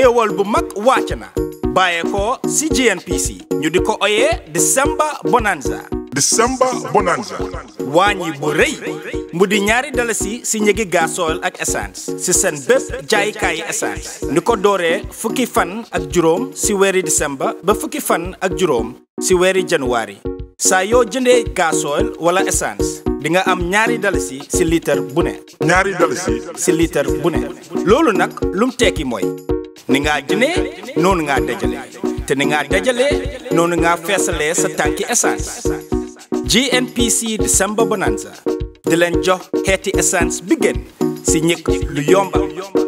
xéewal bu mag wàcc na bàyyee ko si ñu di ko oyee December Bonanza December Bonanza wàññi bu rëy mu di ñaari dalasi si njëgi gasoil ak essence si seen bépp jaaykaayi essence ni ko dooree fukki fan ak juróom si weeri December ba fukki fan ak juróom ci weeri January saa yoo jëndee gasoil wala essance di nga am ñaari dalasi ci liitar bu ne ñaari dalasi bu ne loolu nag lum tekki mooy ni ngaa jëlee noonu ngaa dajalee te ni ngaa dajalee noonu nga feesalee sa tànki essence GNPC December Bonanza di leen jox xeeti essence bi gën si ñëkk lu yomba